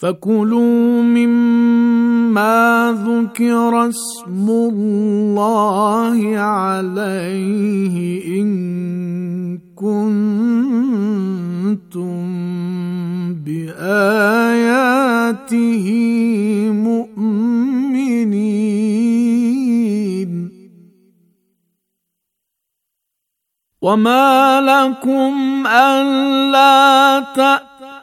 فكلوا مما ذكر اسم الله عليه ان كنتم باياته مؤمنين وما لكم الا تاتوا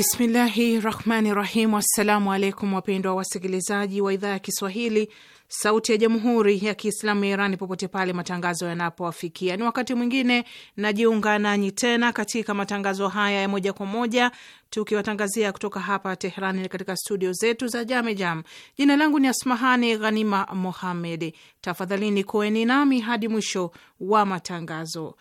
Bismillahi rahmani rahim. Assalamu alaikum wapendwa wasikilizaji wa idhaa ya Kiswahili sauti ya jamhuri ya Kiislamu ya Iran popote pale matangazo yanapowafikia, ni wakati mwingine najiunga nanyi tena katika matangazo haya ya moja kwa moja tukiwatangazia kutoka hapa Teherani katika studio zetu za Jamejam. Jina langu ni Asmahani Ghanima Mohamed. Tafadhalini kuweni nami hadi mwisho wa matangazo.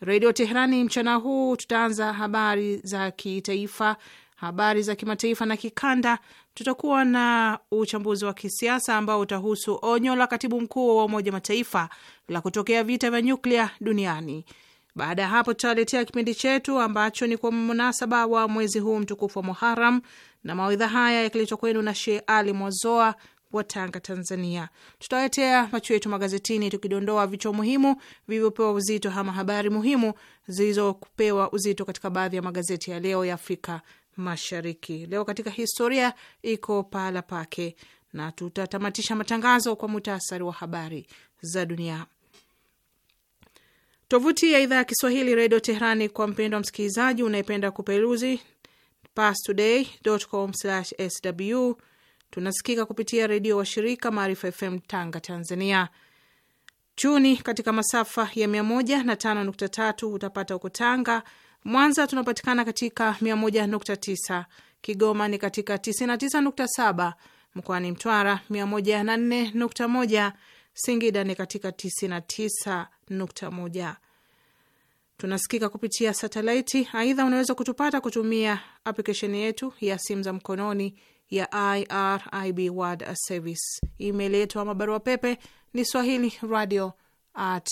Redio Teherani mchana huu tutaanza habari za kitaifa habari za kimataifa na kikanda, tutakuwa na uchambuzi wa kisiasa ambao utahusu onyo la katibu mkuu wa Umoja Mataifa la kutokea vita vya nyuklia duniani. Baada ya hapo, tutaletea kipindi chetu ambacho ni kwa mnasaba wa mwezi huu mtukufu wa Muharam, na mawaidha haya yakiletwa kwenu na Sheikh Ali Mwazoa wa Tanga, Tanzania. Tutawaletea macho yetu magazetini, tukidondoa vichwa muhimu vilivyopewa uzito ama habari muhimu zilizopewa uzito katika baadhi ya magazeti ya leo ya Afrika Mashariki. Leo katika historia iko pahala pake, na tutatamatisha matangazo kwa muhtasari wa habari za dunia. Tovuti ya idhaa ya Kiswahili Redio Teherani kwa mpendo wa msikilizaji unayependa kuperuzi pastoday.com/sw. Tunasikika kupitia redio washirika Maarifa FM Tanga, Tanzania. Chuni katika masafa ya 105.3 utapata huko Tanga Mwanza tunapatikana katika 101.9, Kigoma ni katika 99.7, mkoani Mtwara 104.1, Singida ni katika 99.1. Tunasikika kupitia satelaiti. Aidha, unaweza kutupata kutumia aplikesheni yetu ya simu za mkononi ya IRIB World Service. Email yetu ama barua pepe ni swahili radio at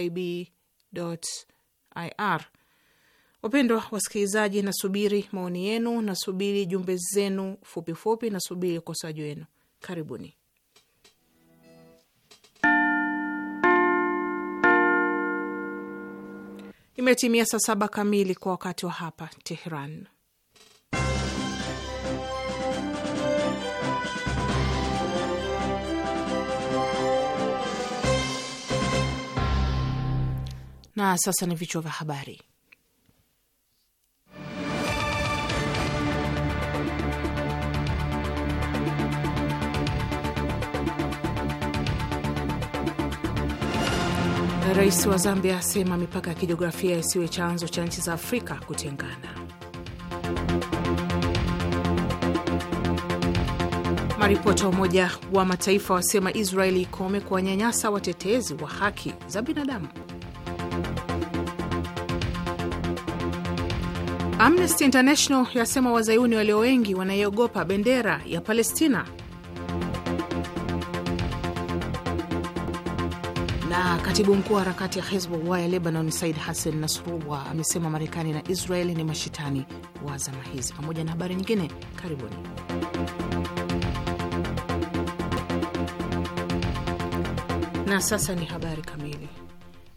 irib IR. Wapendwa wasikilizaji, nasubiri maoni yenu, nasubiri jumbe zenu fupifupi, nasubiri ukosoaji wenu. Karibuni. Imetimia saa saba kamili kwa wakati wa hapa teheran Na sasa ni vichwa vya habari. Rais wa Zambia asema mipaka ya kijiografia isiwe chanzo cha nchi za Afrika kutengana. Maripota wa Umoja wa Mataifa wasema Israeli ikome kuwanyanyasa watetezi wa haki za binadamu. Amnesty International yasema wazayuni walio wengi wanaiogopa bendera ya Palestina. Na katibu mkuu wa harakati ya Hezbollah ya Lebanon, Said Hassan Nasrallah amesema Marekani na israel ni mashitani wa zama hizi, pamoja na habari nyingine. Karibuni. Na sasa ni habari kamili.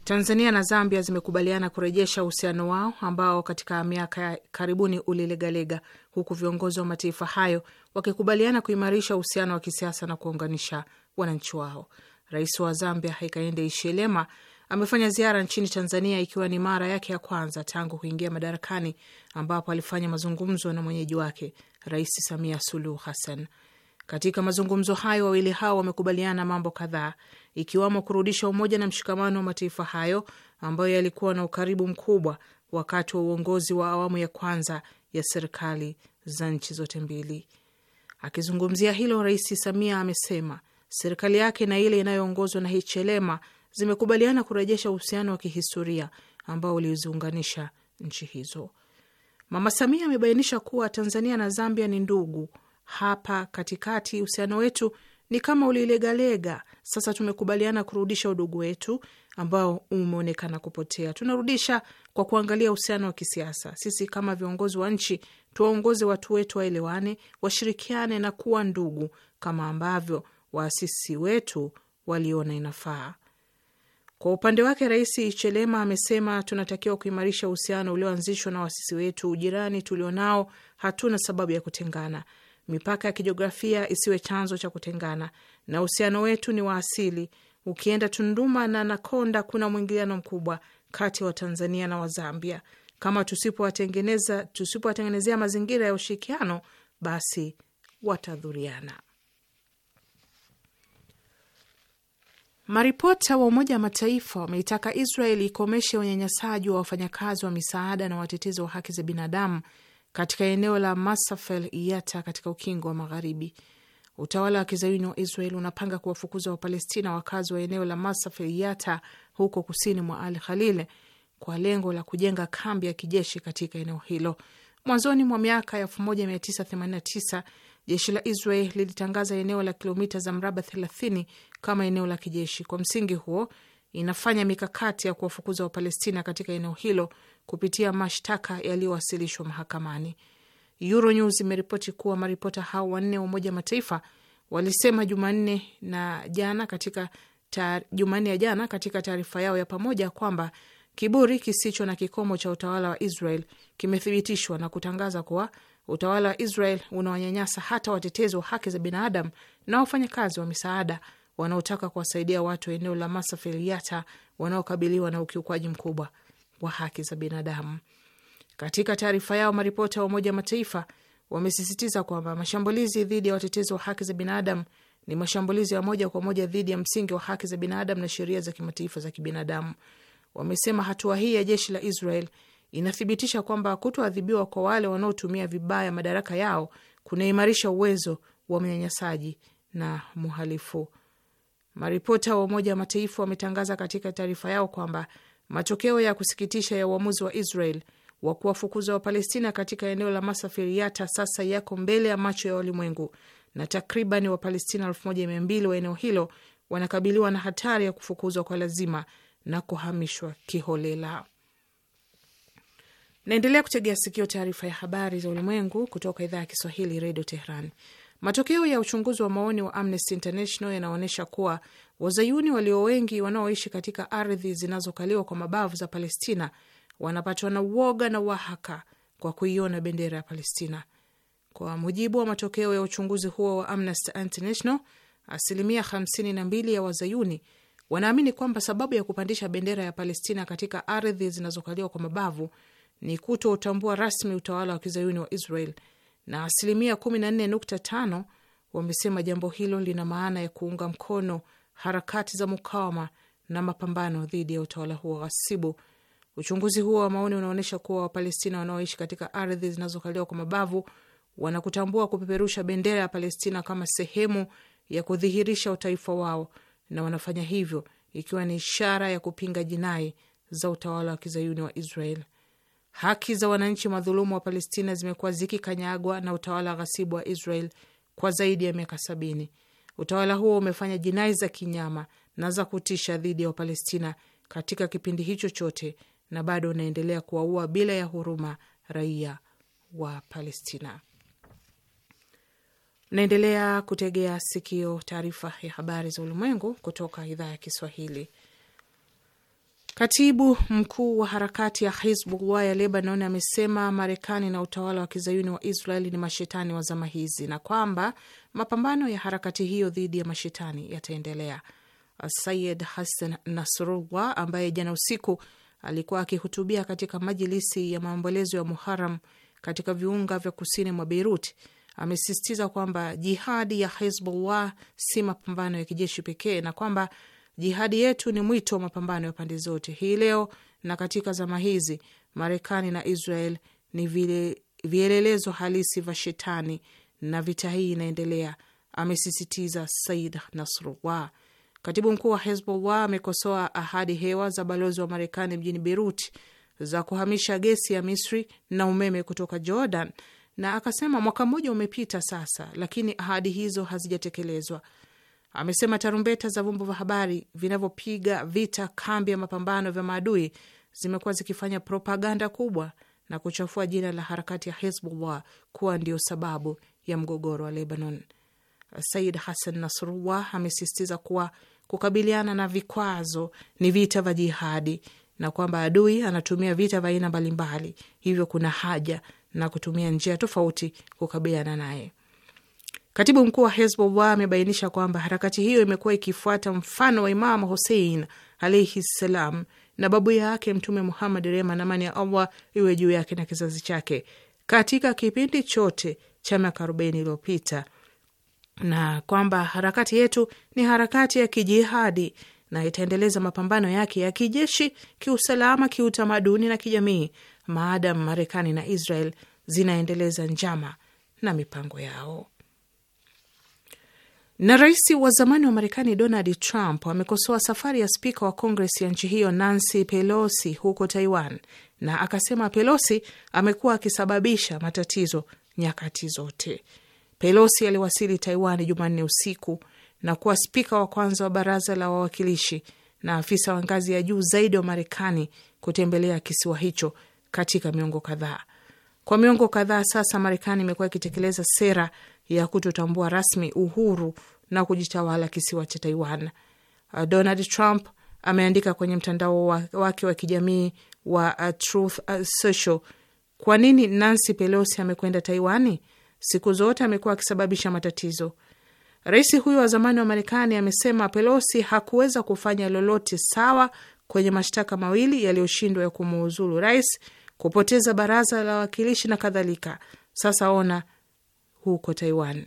Tanzania na Zambia zimekubaliana kurejesha uhusiano wao ambao katika miaka ya karibuni ulilegalega, huku viongozi wa mataifa hayo wakikubaliana kuimarisha uhusiano wa kisiasa na kuunganisha wananchi wao. Rais wa Zambia Hakainde Hichilema amefanya ziara nchini Tanzania ikiwa ni mara yake ya kwanza tangu kuingia madarakani, ambapo alifanya mazungumzo na mwenyeji wake Rais Samia Suluhu Hassan. Katika mazungumzo hayo, wawili hao wamekubaliana mambo kadhaa ikiwamo kurudisha umoja na mshikamano wa mataifa hayo ambayo yalikuwa na ukaribu mkubwa wakati wa uongozi wa awamu ya kwanza ya serikali za nchi zote mbili. Akizungumzia hilo, Rais Samia amesema serikali yake na ile inayoongozwa na Hichelema zimekubaliana kurejesha uhusiano wa kihistoria ambao uliziunganisha nchi hizo. Mama Samia amebainisha kuwa Tanzania na Zambia ni ndugu. Hapa katikati uhusiano wetu ni kama ulilegalega. Sasa tumekubaliana kurudisha udugu wetu ambao umeonekana kupotea. Tunarudisha kwa kuangalia uhusiano wa kisiasa. Sisi kama viongozi wa nchi tuwaongoze watu wetu waelewane, washirikiane na kuwa ndugu, kama ambavyo waasisi wetu waliona inafaa. Kwa upande wake, Rais Chelema amesema tunatakiwa kuimarisha uhusiano ulioanzishwa na waasisi wetu. Ujirani tulionao hatuna sababu ya kutengana. Mipaka ya kijiografia isiwe chanzo cha kutengana, na uhusiano wetu ni wa asili. Ukienda Tunduma na Nakonda, kuna mwingiliano mkubwa kati ya Watanzania na Wazambia. Kama tusipowatengeneza tusipowatengenezea mazingira ya ushirikiano, basi watadhuriana. Maripota wa Umoja wa Mataifa wameitaka Israeli ikomeshe unyanyasaji wa wafanyakazi wa misaada na watetezi wa haki za binadamu katika eneo la Masafel Yata katika ukingo wa magharibi. Utawala wa kizayuni wa Israel unapanga kuwafukuza Wapalestina wakazi wa eneo la Masafel Yata huko kusini mwa Al Khalil kwa lengo la kujenga kambi ya kijeshi katika eneo hilo. Mwanzoni mwa miaka ya 1989 jeshi la Israel lilitangaza eneo la kilomita za mraba 30 kama eneo la kijeshi. Kwa msingi huo, inafanya mikakati ya kuwafukuza Wapalestina katika eneo hilo kupitia mashtaka yaliyowasilishwa mahakamani. Euronews imeripoti kuwa maripota hao wanne wa Umoja Mataifa walisema Jumanne na jana katika Jumanne ya jana katika taarifa yao ya pamoja kwamba kiburi kisicho na kikomo cha utawala wa Israel kimethibitishwa na kutangaza kuwa utawala wa Israel unawanyanyasa hata watetezi wa haki za binadamu na wafanyakazi wa misaada wanaotaka kuwasaidia watu wa eneo la Masafel wanaokabiliwa na ukiukwaji mkubwa wa haki za binadamu. Katika taarifa yao, maripota wa Umoja wa Mataifa wamesisitiza kwamba mashambulizi dhidi ya watetezi wa haki za binadamu ni mashambulizi ya moja kwa moja dhidi ya msingi wa haki za binadamu na sheria za kimataifa za kibinadamu. Wamesema hatua hii ya jeshi la Israel inathibitisha kwamba kutoadhibiwa kwa wale wanaotumia vibaya madaraka yao kunaimarisha uwezo wa mnyanyasaji na mhalifu. Maripota wa Umoja wa Mataifa wametangaza katika taarifa yao kwamba Matokeo ya kusikitisha ya uamuzi wa Israel wa kuwafukuza Wapalestina katika eneo la Masafiriata sasa yako mbele ya macho ya ulimwengu, na takriban Wapalestina 1200 wa eneo hilo wanakabiliwa na hatari ya kufukuzwa kwa lazima na kuhamishwa kiholela. Naendelea kutegea sikio taarifa ya habari za ulimwengu kutoka idhaa ya Kiswahili, Redio Tehran. Matokeo ya uchunguzi wa maoni wa Amnesty International yanaonyesha kuwa wazayuni walio wengi wanaoishi katika ardhi zinazokaliwa kwa mabavu za Palestina wanapatwa na uoga na wahaka kwa kuiona bendera ya Palestina. Kwa mujibu wa matokeo ya uchunguzi huo wa Amnesty International, asilimia 52 ya wazayuni wanaamini kwamba sababu ya kupandisha bendera ya Palestina katika ardhi zinazokaliwa kwa mabavu ni kuto utambua rasmi utawala wa kizayuni wa Israel na asilimia 14.5 wamesema jambo hilo lina maana ya kuunga mkono harakati za mukawama na mapambano dhidi ya utawala huo ghasibu. Uchunguzi huo wa maoni unaonyesha kuwa Wapalestina wanaoishi katika ardhi zinazokaliwa kwa mabavu wanakutambua kupeperusha bendera ya Palestina kama sehemu ya kudhihirisha utaifa wao, na wanafanya hivyo ikiwa ni ishara ya kupinga jinai za utawala wa kizayuni wa Israel. Haki za wananchi madhulumu wa Palestina zimekuwa zikikanyagwa na utawala ghasibu wa Israel kwa zaidi ya miaka sabini. Utawala huo umefanya jinai za kinyama na za kutisha dhidi ya Wapalestina katika kipindi hicho chote na bado unaendelea kuwaua bila ya huruma raia wa Palestina. Naendelea kutegea sikio taarifa ya habari za ulimwengu kutoka idhaa ya Kiswahili Katibu mkuu wa harakati ya Hizbullah ya Lebanon amesema Marekani na utawala wa kizayuni wa Israeli ni mashetani wa zama hizi na kwamba mapambano ya harakati hiyo dhidi ya mashetani yataendelea. Sayid Hassan Nasrallah ambaye jana usiku alikuwa akihutubia katika majilisi ya maombolezo ya Muharam katika viunga vya kusini mwa Beirut amesisitiza kwamba jihadi ya Hizbullah si mapambano ya kijeshi pekee na kwamba Jihadi yetu ni mwito wa mapambano ya pande zote. Hii leo na katika zama hizi, Marekani na Israel ni vile vielelezo halisi vya shetani na vita hii inaendelea, amesisitiza Said Nasrullah. Katibu mkuu wa Hezbollah amekosoa ahadi hewa za balozi wa Marekani mjini Beirut za kuhamisha gesi ya Misri na umeme kutoka Jordan, na akasema mwaka mmoja umepita sasa, lakini ahadi hizo hazijatekelezwa amesema tarumbeta za vyombo vya habari vinavyopiga vita kambi ya mapambano vya maadui zimekuwa zikifanya propaganda kubwa na kuchafua jina la harakati ya Hezbollah kuwa ndio sababu ya mgogoro wa Lebanon. Said Hassan Nasrullah amesisitiza kuwa kukabiliana na vikwazo ni vita vya jihadi na kwamba adui anatumia vita vya aina mbalimbali, hivyo kuna haja na kutumia njia tofauti kukabiliana naye. Katibu mkuu wa Hezbollah amebainisha kwamba harakati hiyo imekuwa ikifuata mfano wa Imam Hussein alaihi ssalam na babu yake Mtume Muhammad, rehma na amani ya Allah iwe juu yake na kizazi chake, katika kipindi chote cha miaka arobaini iliyopita, na kwamba harakati yetu ni harakati ya kijihadi na itaendeleza mapambano yake ya kijeshi, kiusalama, kiutamaduni na kijamii maadamu Marekani na Israel zinaendeleza njama na mipango yao. Na rais wa zamani wa Marekani Donald Trump amekosoa safari ya spika wa Kongres ya nchi hiyo Nancy Pelosi huko Taiwan na akasema Pelosi amekuwa akisababisha matatizo nyakati zote. Pelosi aliwasili Taiwan Jumanne usiku na kuwa spika wa kwanza wa baraza la wawakilishi na afisa wa ngazi ya juu zaidi wa Marekani kutembelea kisiwa hicho katika miongo kadhaa. Kwa miongo kadhaa sasa, Marekani imekuwa ikitekeleza sera ya kutotambua rasmi uhuru na kujitawala kisiwa cha Taiwan. Uh, Donald Trump ameandika kwenye mtandao wake wa kijamii wa uh, Truth uh, Social, kwa nini Nancy Pelosi amekwenda Taiwani? Siku zote amekuwa akisababisha matatizo. Rais huyo wa zamani wa Marekani amesema Pelosi hakuweza kufanya lolote sawa kwenye mashtaka mawili yaliyoshindwa ya kumuuzulu rais, kupoteza baraza la wawakilishi na kadhalika. Sasa ona huko Taiwan.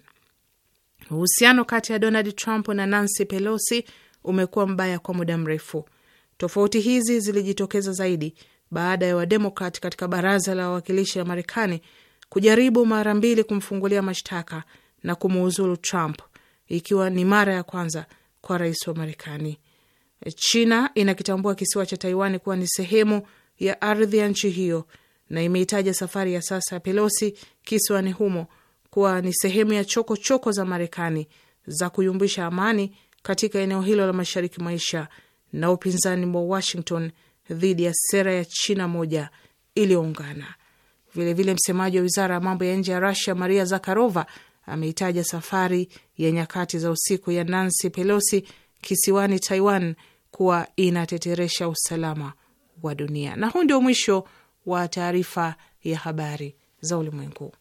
Uhusiano kati ya Donald Trump na Nancy Pelosi umekuwa mbaya kwa muda mrefu. Tofauti hizi zilijitokeza zaidi baada ya Wademokrat katika baraza la wawakilishi la Marekani kujaribu mara mbili kumfungulia mashtaka na kumuuzulu Trump, ikiwa ni mara ya kwanza kwa rais wa Marekani. China inakitambua kisiwa cha Taiwan kuwa ni sehemu ya ardhi ya nchi hiyo na imehitaja safari ya sasa ya Pelosi kisiwani humo kuwa ni sehemu ya chokochoko choko za Marekani za kuyumbisha amani katika eneo hilo la mashariki maisha na upinzani wa Washington dhidi ya sera ya China moja iliyoungana. Vilevile, msemaji wa wizara ya mambo ya nje ya Rusia Maria Zakharova ameitaja safari ya nyakati za usiku ya Nancy Pelosi kisiwani Taiwan kuwa inateteresha usalama wa dunia. Na huu ndio mwisho wa taarifa ya habari za ulimwengu.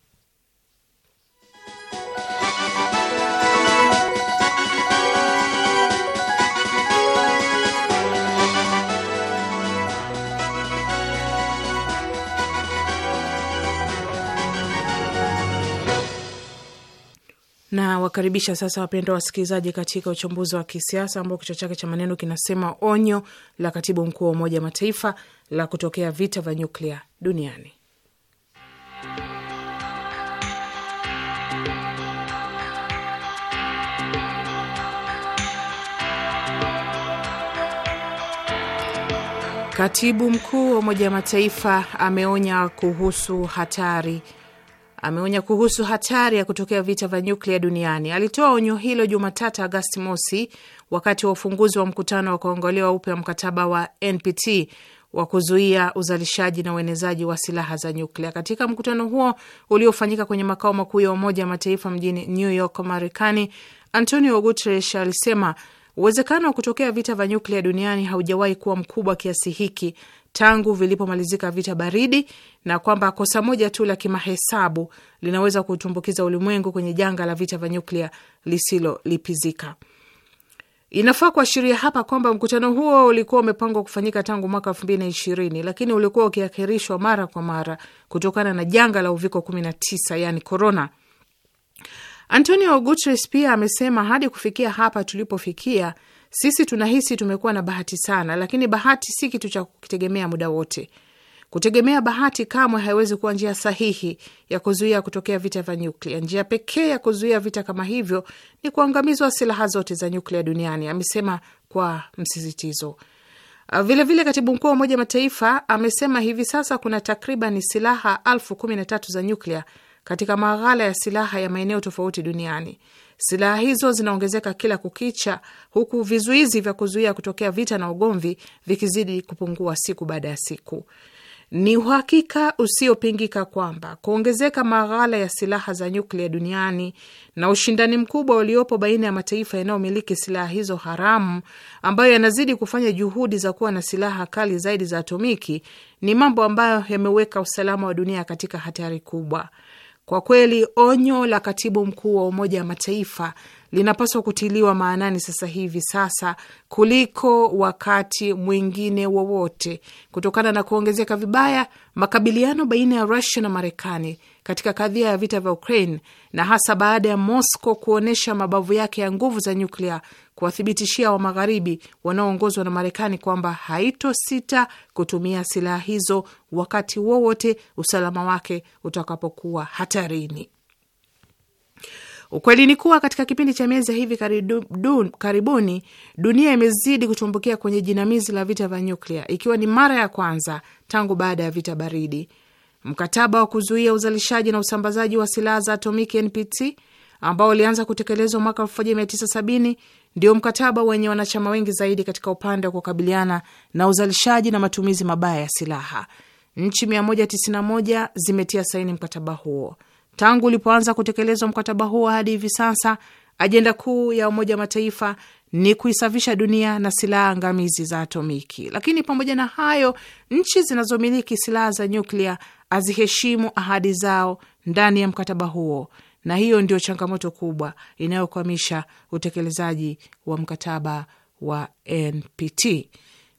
na wakaribisha sasa, wapendwa wasikilizaji, katika uchambuzi wa kisiasa ambao kichwa chake cha maneno kinasema onyo la katibu mkuu wa Umoja Mataifa la kutokea vita vya nyuklia duniani. Katibu mkuu wa Umoja Mataifa ameonya kuhusu hatari ameonya kuhusu hatari ya kutokea vita vya nyuklia duniani. Alitoa onyo hilo Jumatatu, Agasti mosi, wakati wa ufunguzi wa mkutano wa kuongolewa upya wa mkataba wa NPT wa kuzuia uzalishaji na uenezaji wa silaha za nyuklia. Katika mkutano huo uliofanyika kwenye makao makuu ya Umoja wa Mataifa mjini New York, Marekani, Antonio Guterres alisema uwezekano wa kutokea vita vya nyuklia duniani haujawahi kuwa mkubwa kiasi hiki tangu vilipomalizika vita baridi na kwamba kosa moja tu la kimahesabu linaweza kutumbukiza ulimwengu kwenye janga la vita vya nyuklia lisilolipizika. Inafaa kuashiria hapa kwamba mkutano huo ulikuwa umepangwa kufanyika tangu mwaka elfu mbili na ishirini lakini ulikuwa ukiahirishwa mara kwa mara kutokana na janga la uviko 19 yani corona. Antonio Guterres pia amesema hadi kufikia hapa tulipofikia sisi tunahisi tumekuwa na bahati sana, lakini bahati si kitu cha kutegemea muda wote. Kutegemea bahati kamwe haiwezi kuwa njia sahihi ya kuzuia kutokea vita vya nyuklia. Njia pekee ya kuzuia vita kama hivyo ni kuangamizwa silaha zote za nyuklia duniani, amesema kwa msisitizo. Vilevile ah, vile katibu mkuu wa Umoja Mataifa amesema hivi sasa kuna takriban silaha elfu kumi na tatu za nyuklia katika maghala ya silaha ya maeneo tofauti duniani. Silaha hizo zinaongezeka kila kukicha, huku vizuizi vya kuzuia kutokea vita na ugomvi vikizidi kupungua siku baada ya siku. Ni uhakika usiopingika kwamba kuongezeka maghala ya silaha za nyuklia duniani na ushindani mkubwa uliopo baina ya mataifa yanayomiliki silaha hizo haramu, ambayo yanazidi kufanya juhudi za kuwa na silaha kali zaidi za atomiki, ni mambo ambayo yameweka usalama wa dunia katika hatari kubwa. Kwa kweli onyo la katibu mkuu wa Umoja wa Mataifa linapaswa kutiliwa maanani sasa hivi sasa kuliko wakati mwingine wowote, kutokana na kuongezeka vibaya makabiliano baina ya Rusia na Marekani katika kadhia ya vita vya Ukraine, na hasa baada ya Moscow kuonyesha mabavu yake ya nguvu za nyuklia kuwathibitishia wa magharibi wanaoongozwa na Marekani kwamba haitosita kutumia silaha hizo wakati wowote usalama wake utakapokuwa hatarini. Ukweli ni kuwa katika kipindi cha miezi ya hivi karibuni dunia imezidi kutumbukia kwenye jinamizi la vita vya nyuklia, ikiwa ni mara ya kwanza tangu baada ya vita baridi. Mkataba wa kuzuia uzalishaji na usambazaji wa silaha za atomiki NPT ambao ulianza kutekelezwa mwaka 1970 ndio mkataba wenye wanachama wengi zaidi katika upande wa kukabiliana na uzalishaji na matumizi mabaya ya silaha. Nchi 191 zimetia saini mkataba huo. Tangu ulipoanza kutekelezwa mkataba huo hadi hivi sasa, ajenda kuu ya Umoja wa Mataifa ni kuisafisha dunia na silaha ngamizi za atomiki. Lakini pamoja na hayo, nchi zinazomiliki silaha za nyuklia haziheshimu ahadi zao ndani ya mkataba huo, na hiyo ndio changamoto kubwa inayokwamisha utekelezaji wa mkataba wa NPT.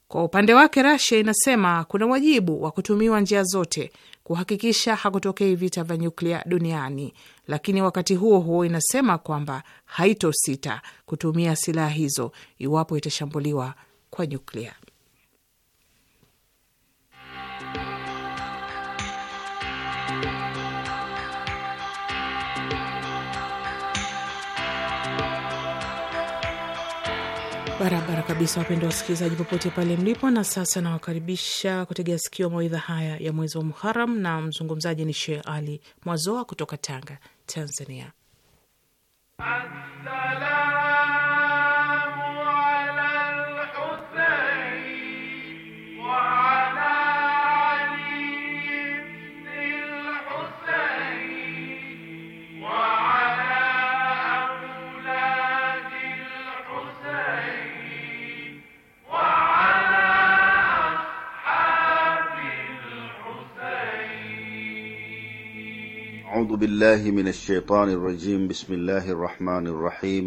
Kwa upande wake, Rasia inasema kuna wajibu wa kutumiwa njia zote kuhakikisha hakutokei vita vya nyuklia duniani, lakini wakati huo huo inasema kwamba haitosita kutumia silaha hizo iwapo itashambuliwa kwa nyuklia. Barabara kabisa, wapendwa wasikilizaji, popote pale mlipo. Na sasa nawakaribisha kutegea sikio mawaidha haya ya mwezi wa Muharam, na mzungumzaji ni Sheh Ali Mwazoa kutoka Tanga, Tanzania. Asala. أعوذ بالله من الشيطان الرجيم بسم الله الرحمن الرحيم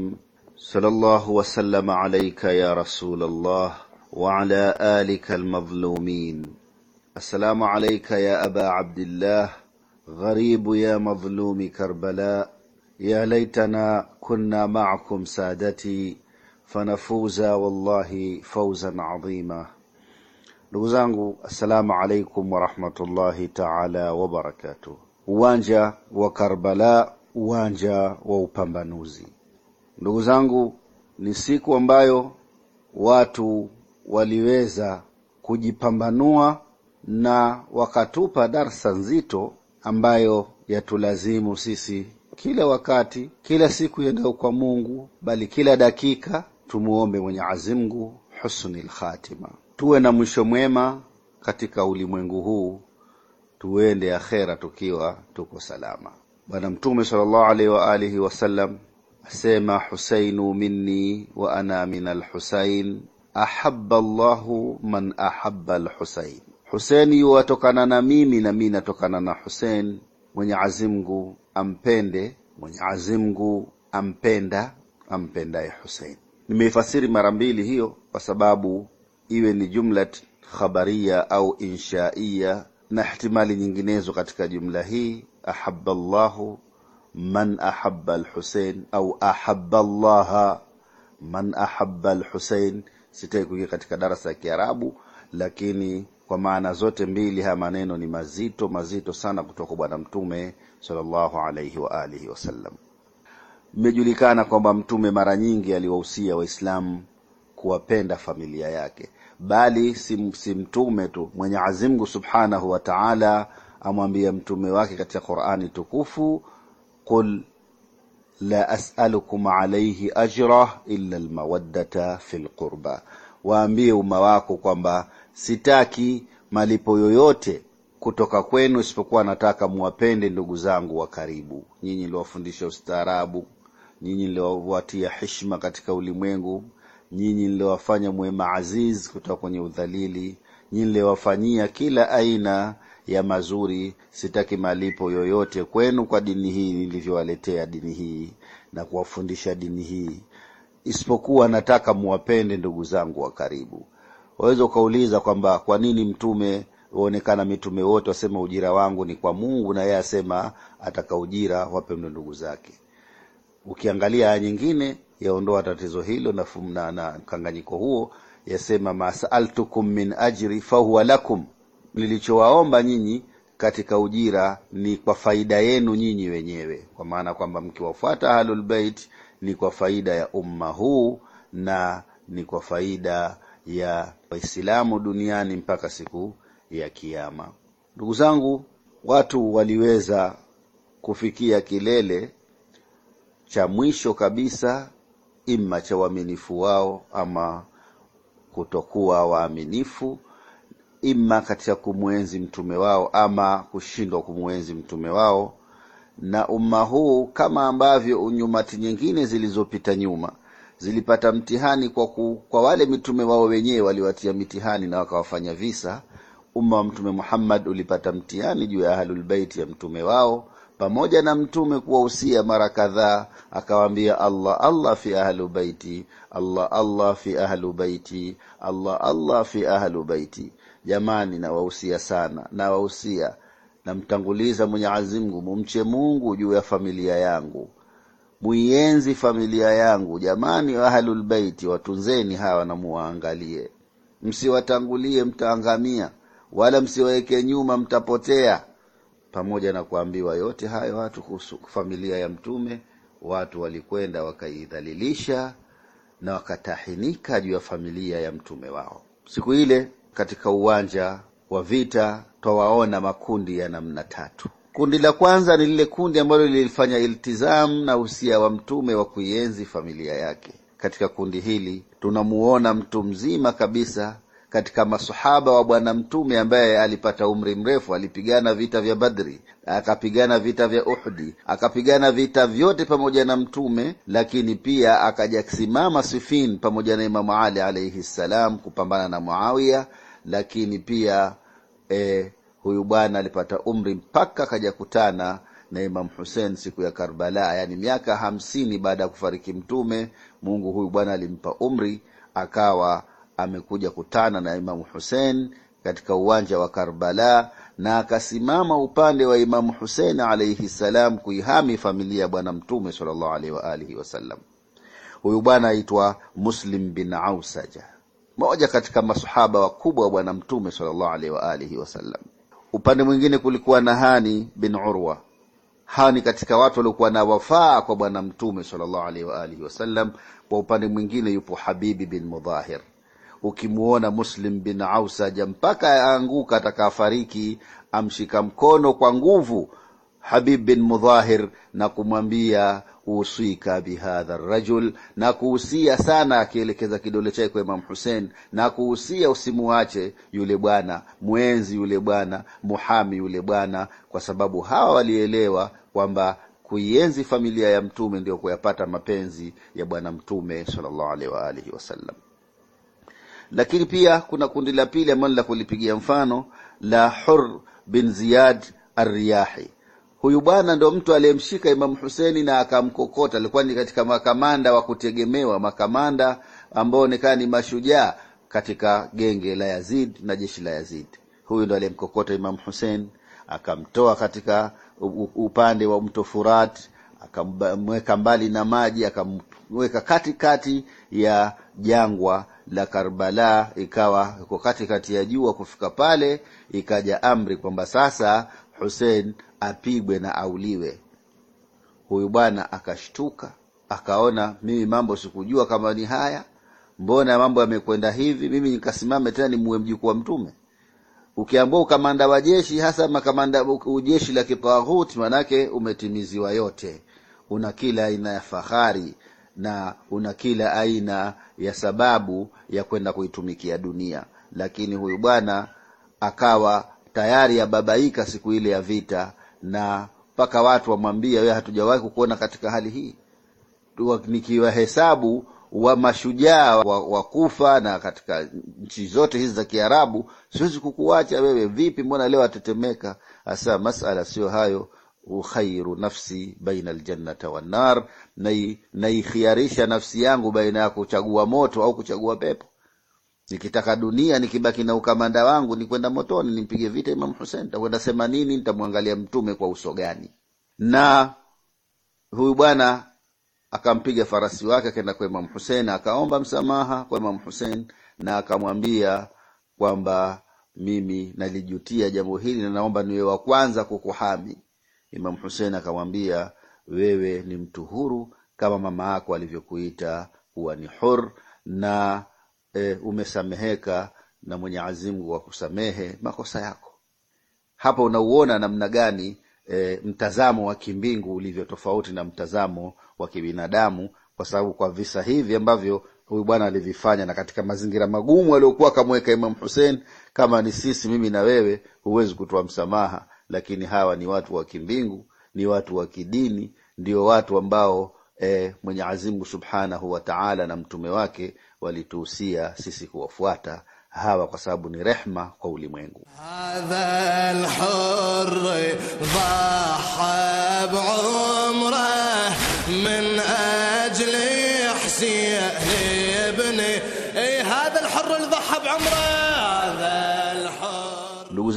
صلى الله وسلم عليك يا رسول الله وعلى آلك المظلومين السلام عليك يا أبا عبد الله غريب يا مظلوم كربلاء يا ليتنا كنا معكم سادتي فنفوز والله فوزا عظيما ndugu السلام عليكم ورحمة الله تعالى وبركاته uwanja wa Karbala, uwanja wa upambanuzi. Ndugu zangu, ni siku ambayo watu waliweza kujipambanua na wakatupa darsa nzito ambayo yatulazimu sisi kila wakati, kila siku yendao kwa Mungu, bali kila dakika tumuombe Mwenyezi Mungu husnul khatima, tuwe na mwisho mwema katika ulimwengu huu tuende akhera tukiwa tuko salama. Bwana Mtume sallallahu alaihi wa alihi wasallam asema, husainu minni wa ana min alhusain ahabba llahu man ahabba alhusain, Husaini yuwatokana na mimi na mimi natokana na Husain. Mwenyezi Mungu ampende, Mwenyezi Mungu ampenda ampendaye Husain. Nimeifasiri mara mbili hiyo kwa sababu iwe ni jumla khabaria au inshaia na ihtimali nyinginezo katika jumla hii, ahaba llahu man ahabba lhusein au ahaba llaha man ahaba lhusein. Sitaki kuingia katika darasa ya Kiarabu, lakini kwa maana zote mbili haya maneno ni mazito mazito sana kutoka kwa Bwana Mtume sallallahu alaihi wa alihi wasallam. Imejulikana kwamba Mtume mara nyingi aliwahusia Waislamu kuwapenda familia yake bali si mtume tu. mwenye azimgu subhanahu wa taala amwambia mtume wake katika Qurani tukufu, qul la as'alukum alayhi ajra illa almawaddata fil qurba, waambie umma wako kwamba sitaki malipo yoyote kutoka kwenu isipokuwa nataka muwapende ndugu zangu wa karibu. Nyinyi niliwafundisha ustaarabu, nyinyi niliwatia heshima katika ulimwengu nyinyi niliwafanya mwe maaziz kutoka kwenye udhalili, nyinyi niliwafanyia kila aina ya mazuri, sitaki malipo yoyote kwenu kwa dini hii nilivyowaletea dini hii na kuwafundisha dini hii, isipokuwa nataka muwapende ndugu zangu wa karibu. Waweza ukauliza kwamba kwa nini mtume waonekana mitume wote wasema ujira wangu ni kwa Mungu, na yeye asema ataka ujira wapendwe ndugu zake. Ukiangalia aya nyingine yaondoa tatizo hilo na, na, na mkanganyiko huo. Yasema masaltukum min ajri fahuwa lakum, nilichowaomba nyinyi katika ujira ni kwa faida yenu nyinyi wenyewe, kwa maana kwamba mkiwafuata Ahlul Bait ni kwa faida ya umma huu na ni kwa faida ya Waislamu duniani mpaka siku ya kiama Ndugu zangu, watu waliweza kufikia kilele cha mwisho kabisa ima cha uaminifu wao ama kutokuwa waaminifu, imma katika kumwenzi mtume wao ama kushindwa kumwenzi mtume wao. Na umma huu kama ambavyo unyumati nyingine zilizopita nyuma zilipata mtihani kwa, ku, kwa wale mitume wao wenyewe waliwatia mitihani na wakawafanya visa. Umma wa Mtume Muhammad ulipata mtihani juu ya Ahlulbeiti ya mtume wao, pamoja na mtume kuwahusia mara kadhaa akawaambia allah allah fi ahlu baiti allah allah fi ahlu baiti allah allah fi ahlu baiti jamani nawahusia sana nawahusia namtanguliza mwenyeazimgu mumche mungu juu ya familia yangu muienzi familia yangu jamani ahlulbeiti watunzeni hawa na msiwatangulie mtaangamia wala msiwaweke nyuma mtapotea pamoja na kuambiwa yote hayo watu kuhusu familia ya mtume watu walikwenda wakaidhalilisha na wakatahinika juu ya familia ya mtume wao. Siku ile katika uwanja wa vita twawaona makundi ya namna tatu. Kundi la kwanza ni lile kundi ambalo lilifanya iltizamu na usia wa mtume wa kuienzi familia yake. Katika kundi hili tunamuona mtu mzima kabisa katika masahaba wa Bwana Mtume ambaye alipata umri mrefu. Alipigana vita vya Badri, akapigana vita vya Uhudi, akapigana vita vyote pamoja na Mtume, lakini pia akaja kusimama Sifin pamoja na Imamu Ali alaihi ssalam kupambana na Muawiya, lakini pia e, huyu bwana alipata umri mpaka akaja kutana na Imam husen siku ya Karbala, yani miaka hamsini baada ya kufariki Mtume. Mungu huyu bwana alimpa umri akawa amekuja kutana na Imamu Husein katika uwanja wa Karbala na akasimama upande wa Imamu Husein alaihi salam kuihami familia ya Bwana Mtume sallallahu wa alihi wasallam. Huyu bwana aitwa Muslim bin Ausaja, moja katika masahaba wakubwa wa Bwana Mtume sallallahu wa alihi wasallam. Upande mwingine kulikuwa na Hani bin Urwa. Hani katika watu waliokuwa na wafaa kwa Bwana Mtume sallallahu wa alihi wasallam. Kwa upande mwingine yupo Habibi bin Mudhahir ukimuona Muslim bin Ausaja mpaka aanguka atakafariki, amshika mkono kwa nguvu Habib bin Mudhahir na kumwambia usika bihadha rajul, na kuhusia sana, akielekeza kidole chake kwa Imam husein na kuhusia, usimuache yule bwana, mwenzi yule bwana, muhami yule bwana, kwa sababu hawa walielewa kwamba kuienzi familia ya Mtume ndio kuyapata mapenzi ya Bwana Mtume sallallahu alaihi wa alihi wasallam lakini pia kuna kundi la pili ambalo la kulipigia mfano la Hur bin Ziyad Arriyahi. Huyu bwana ndo mtu aliyemshika Imamu Huseni na akamkokota. Alikuwa ni katika makamanda wa kutegemewa, makamanda ambao onekana ni mashujaa katika genge la Yazid na jeshi la Yazid. Huyu ndo aliyemkokota Imamu husen akamtoa katika upande wa mto Furat, akamweka mbali na maji, akamweka katikati ya jangwa la Karbala ikawa iko katikati ya jua kufika pale, ikaja amri kwamba sasa Hussein apigwe na auliwe. Huyu bwana akashtuka, akaona mimi mambo sikujua kama ni haya, mbona mambo yamekwenda hivi? Mimi nikasimame tena nimuue mjukuu wa Mtume? Ukiambua ukamanda wa jeshi, hasa makamanda ujeshi la kitaghuti, manake umetimiziwa yote, una kila aina ya fahari na una kila aina ya sababu ya kwenda kuitumikia dunia lakini huyu bwana akawa tayari ababaika siku ile ya vita na mpaka watu wamwambia wewe hatujawahi kukuona katika hali hii nikiwahesabu wa mashujaa wa kufa na katika nchi zote hizi za Kiarabu, siwezi kukuacha wewe. Vipi, mbona leo atetemeka? Hasa masala sio hayo, ukhairu nafsi baina aljannata wannar, naikhiarisha nafsi yangu baina ya kuchagua moto au kuchagua pepo. Nikitaka dunia, nikibaki na ukamanda wangu, nikwenda motoni, nimpige vita Imam Hussein, nitakwenda sema nini? mtume kwa uso gani? Na huyu bwana akampiga farasi wake, akaenda kwa Imam Hussein, akaomba msamaha kwa Imam Hussein na akamwambia kwamba mimi nalijutia jambo hili na naomba niwe wa kwanza kukuhami Imam Hussein akamwambia, wewe ni mtu huru kama mama yako alivyokuita huwa ni hur na e, umesameheka na Mwenyezi Mungu kusamehe makosa yako. Hapa unauona namna gani e, mtazamo wa kimbingu ulivyo tofauti na mtazamo wa kibinadamu, kwa sababu kwa visa hivi ambavyo huyu bwana alivifanya na katika mazingira magumu aliyokuwa akamweka Imam Hussein, kama ni sisi, mimi na wewe, huwezi kutoa msamaha lakini hawa ni watu wa kimbingu, ni watu wa kidini, ndio watu ambao e, Mwenyezi Mungu Subhanahu wa Ta'ala na mtume wake walituhusia sisi kuwafuata hawa kwa sababu ni rehma kwa ulimwengu.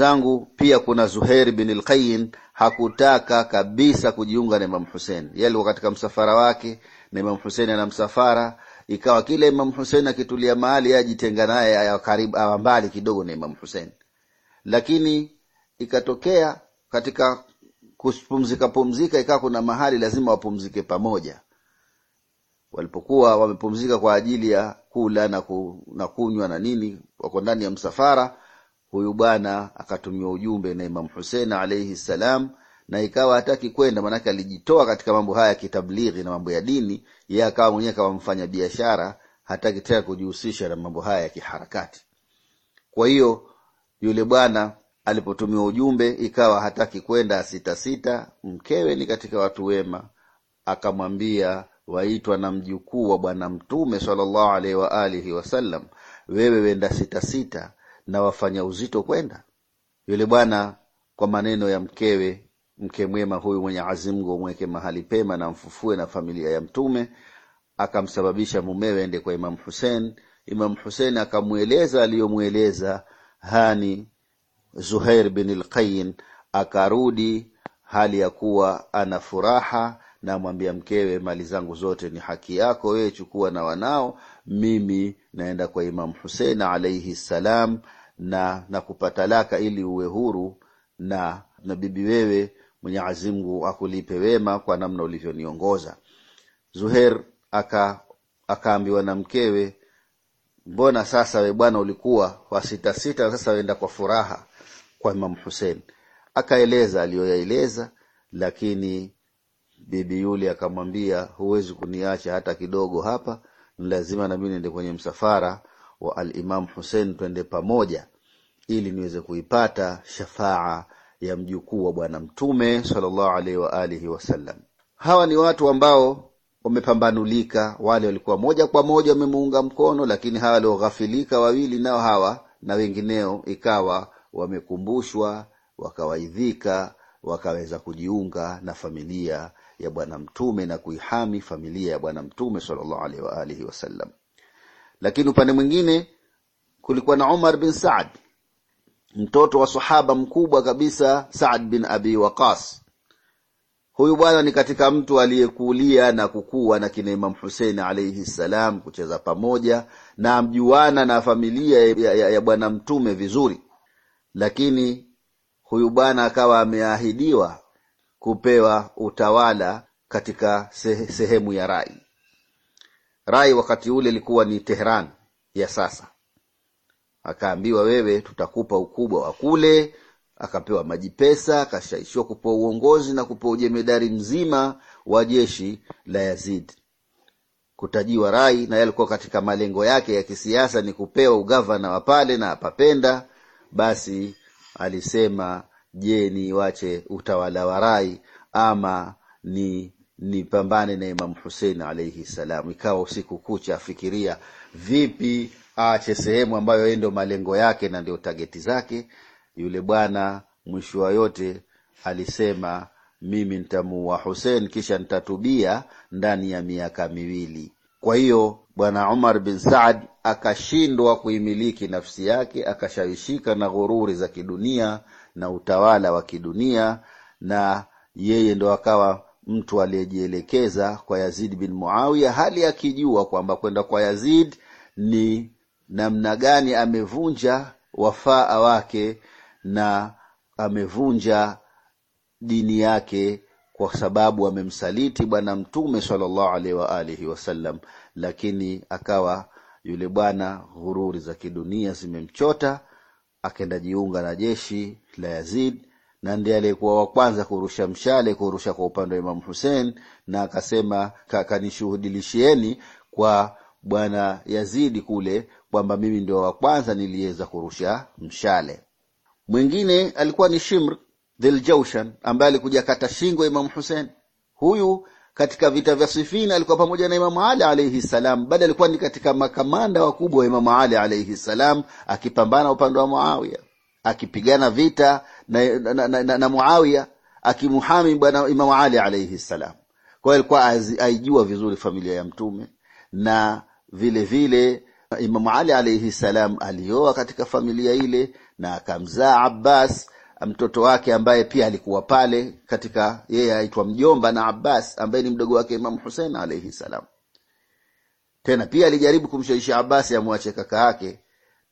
zangu pia kuna Zuhair bin al hakutaka kabisa kujiunga na Imam Hussein. Yeye alikuwa katika msafara wake na Imam Hussein ana msafara, ikawa kila Imam Hussein akitulia mahali ajitenga naye ya karibu au mbali kidogo na Imam Hussein. Lakini ikatokea katika kupumzika pumzika, ikawa kuna mahali lazima wapumzike pamoja. Walipokuwa wamepumzika kwa ajili ya kula na, na kunywa na nini, wako ndani ya msafara huyu bwana akatumia ujumbe na Imam Hussein alayhi salam, na ikawa hataki kwenda, maanake alijitoa katika mambo haya ya kitablighi na mambo ya dini. Yeye akawa mwenyewe kama mfanya biashara, hataki tena kujihusisha na mambo haya ya kiharakati. Kwa hiyo yule bwana alipotumiwa ujumbe, ikawa hataki kwenda, sita. Mkewe ni katika watu wema, akamwambia waitwa na mjukuu wa Bwana Mtume sallallahu alaihi wa alihi wasallam, wewe wenda sitasita na wafanya uzito kwenda yule bwana kwa maneno ya mkewe mke mwema huyu mwenye azimgu amweke mahali pema na mfufue na familia ya mtume akamsababisha mumewe ende kwa imamu husen imamu husen akamweleza aliyomweleza hani zuhair bin lqayin akarudi hali ya kuwa ana furaha namwambia mkewe, mali zangu zote ni haki yako wewe, chukua na wanao, mimi naenda kwa imam Husein alaihi ssalam, na nakupa talaka ili uwe huru na na bibi wewe, Mwenyezi akulipe wema kwa namna ulivyoniongoza. Zuher aka akaambiwa na mkewe, mbona sasa we bwana ulikuwa sitasita sasa enda kwa furaha kwa imam Husein. Akaeleza aliyoyaeleza, lakini Bibi yule akamwambia, huwezi kuniacha hata kidogo hapa, ni lazima nami niende kwenye msafara wa Alimamu Husein, twende pamoja ili niweze kuipata shafaa ya mjukuu wa Bwana Mtume sallallahu alaihi wa alihi wasallam. Hawa ni watu ambao wamepambanulika. Wale walikuwa moja kwa moja wamemuunga mkono, lakini hawa walioghafilika wawili nao hawa na wengineo, ikawa wamekumbushwa, wakawaidhika, wakaweza kujiunga na familia ya Bwana Mtume na kuihami familia ya Bwana Mtume sallallahu alaihi wa alihi wasallam. Lakini upande mwingine kulikuwa na Umar bin Saad, mtoto wa sahaba mkubwa kabisa Saad bin Abi Waqas. Huyu bwana ni katika mtu aliyekulia na kukua na kina Imam Hussein alaihi salam, kucheza pamoja na mjuana na familia ya, ya, ya Bwana Mtume vizuri, lakini huyu bwana akawa ameahidiwa kupewa utawala katika sehemu ya rai rai wakati ule ilikuwa ni tehran ya sasa akaambiwa wewe tutakupa ukubwa wa kule akapewa maji pesa akashaishiwa kupewa uongozi na kupewa ujemedari mzima wa jeshi la yazid kutajiwa rai na alikuwa katika malengo yake ya kisiasa ni kupewa ugavana wa pale na apapenda basi alisema je wache utawala wa rai ama ni nipambane na imam Husein alaihi salam. Ikawa usiku kucha afikiria vipi aache sehemu ambayo yeye ndio malengo yake na ndio tageti zake. Yule bwana mwisho wa yote alisema mimi nitamuua Husein kisha nitatubia ndani ya miaka miwili. Kwa hiyo bwana Umar bin Saad akashindwa kuimiliki nafsi yake, akashawishika na ghururi za kidunia na utawala wa kidunia, na yeye ndo akawa mtu aliyejielekeza kwa Yazid bin Muawiya, hali akijua kwamba kwenda kwa Yazid ni namna gani amevunja wafaa wake na amevunja dini yake kwa sababu amemsaliti Bwana Mtume sallallahu alaihi waalihi wasallam, lakini akawa yule bwana ghururi za kidunia zimemchota akaenda jiunga na jeshi la Yazid na ndiye aliyekuwa wa kwanza kurusha mshale kurusha kwa upande wa Imamu husein na akasema kanishuhudilishieni kwa bwana Yazidi kule kwamba mimi ndio wa kwanza niliweza kurusha mshale. Mwingine alikuwa ni Shimr Dhiljaushan ambaye alikuja kata shingo Imamu Hussein. Huyu katika vita vya Sifin alikuwa pamoja na Imamu Ali alaihi salam, bali alikuwa ni katika makamanda wakubwa wa Imamu Ali alaihi salam, akipambana upande wa Muawiya, akipigana vita na, na, na, na, na, Muawiya akimuhami bwana Imamu Ali alaihi salam. Kwa hiyo alikuwa aijua vizuri familia ya Mtume na vile vile Imamu Ali alaihi salam alioa katika familia ile na akamzaa Abbas mtoto wake ambaye pia alikuwa pale katika yeye aitwa mjomba na Abbas ambaye ni mdogo wake Imam Hussein alayhi salam. Tena pia alijaribu kumshawishi Abbas amwache kaka yake,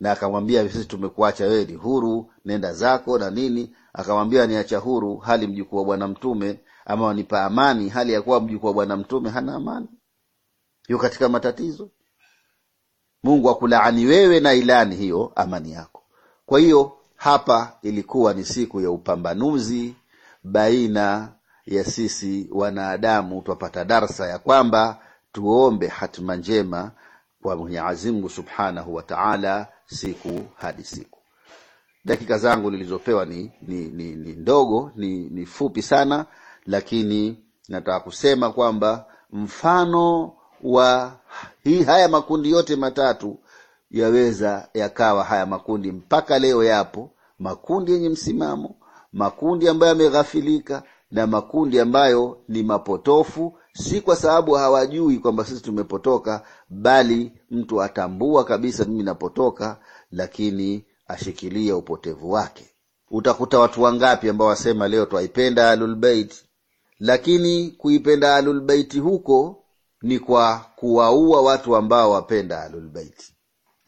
na akamwambia sisi tumekuacha wewe, ni huru, nenda zako na nini. Akamwambia niacha huru hali mjukuu wa Bwana Mtume, ama wanipa amani hali ya kuwa mjukuu wa Bwana Mtume hana amani, yuko katika matatizo. Mungu akulaani wewe na ilani hiyo amani yako. Kwa hiyo hapa ilikuwa ni siku ya upambanuzi baina ya sisi wanadamu, twapata darsa ya kwamba tuombe hatima njema kwa mwenye azimgu Subhanahu wa Ta'ala siku hadi siku. Dakika zangu nilizopewa ni, ni, ni, ni ndogo ni, ni fupi sana, lakini nataka kusema kwamba mfano wa hii haya makundi yote matatu yaweza yakawa haya makundi mpaka leo yapo makundi yenye msimamo, makundi ambayo yameghafilika na makundi ambayo ni mapotofu, si kwa sababu hawajui kwamba sisi tumepotoka, bali mtu atambua kabisa mimi napotoka, lakini ashikilia upotevu wake. Utakuta watu wangapi ambao wasema leo twaipenda Ahlulbeiti, lakini kuipenda Ahlulbeiti huko ni kwa kuwaua watu ambao wapenda Ahlulbeiti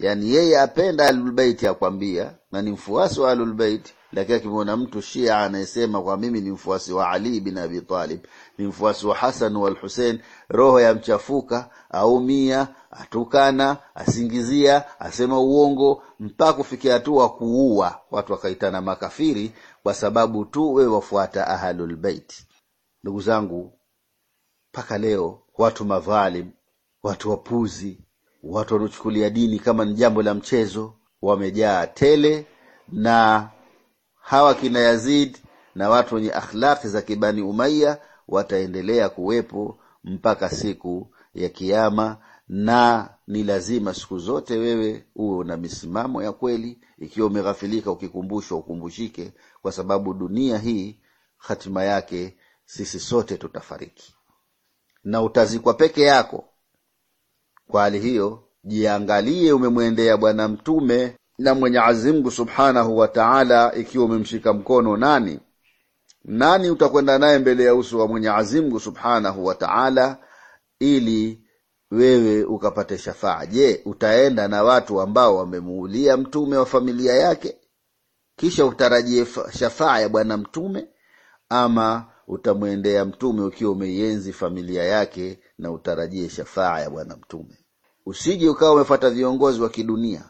yani yeye apenda Ahlulbeiti akwambia na ni mfuasi wa Ahlulbeiti, lakini akimwona mtu Shia anayesema kwa mimi ni mfuasi wa Ali bin Abi Talib, ni mfuasi wa Hasan wal Husein, roho yamchafuka, aumia, atukana, asingizia, asema uongo, mpaka kufikia hatua kuua watu, wakaitana makafiri kwa sababu tu wewe wafuata Ahlulbeiti. Ndugu zangu, mpaka leo watu madhalim, watu wapuzi Watu wanaochukulia dini kama ni jambo la mchezo wamejaa tele, na hawa kina Yazid na watu wenye akhlaki za kibani Umaya wataendelea kuwepo mpaka siku ya Kiama, na ni lazima siku zote wewe uwe una misimamo ya kweli. Ikiwa umeghafilika, ukikumbushwa ukumbushike, kwa sababu dunia hii hatima yake sisi sote tutafariki, na utazikwa peke yako. Kwa hali hiyo, jiangalie umemwendea Bwana Mtume na mwenye azimgu subhanahu wa taala, ikiwa umemshika mkono nani nani utakwenda naye mbele ya uso wa mwenye azimgu subhanahu wa taala, ili wewe ukapate shafaa. Je, utaenda na watu ambao wamemuulia mtume wa familia yake, kisha utarajie shafaa ya Bwana Mtume ama utamwendea mtume ukiwa umeienzi familia yake na utarajie shafaa ya bwana mtume. Usije ukawa umefuata viongozi wa kidunia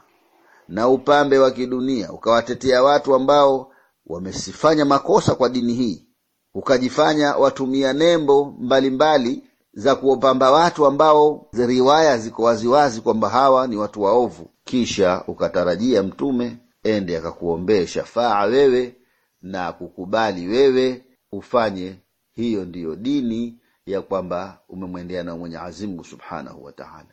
na upambe wa kidunia, ukawatetea watu ambao wamesifanya makosa kwa dini hii, ukajifanya watumia nembo mbalimbali mbali za kuwapamba watu ambao riwaya ziko waziwazi kwamba hawa ni watu waovu, kisha ukatarajia mtume ende akakuombee shafaa wewe na kukubali wewe ufanye hiyo ndiyo dini ya kwamba umemwendea na Mwenyezi Mungu Subhanahu wa Ta'ala.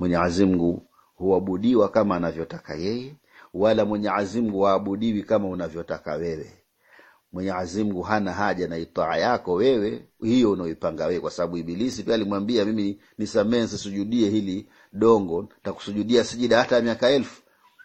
Mwenyezi Mungu huabudiwa kama anavyotaka yeye wala Mwenyezi Mungu waabudiwi kama unavyotaka wewe. Mwenyezi Mungu hana haja na itaa yako wewe hiyo unaoipanga wewe, kwa sababu Ibilisi pia alimwambia, mimi nisamee nisisujudie hili dongo, takusujudia sijida hata ya miaka elfu.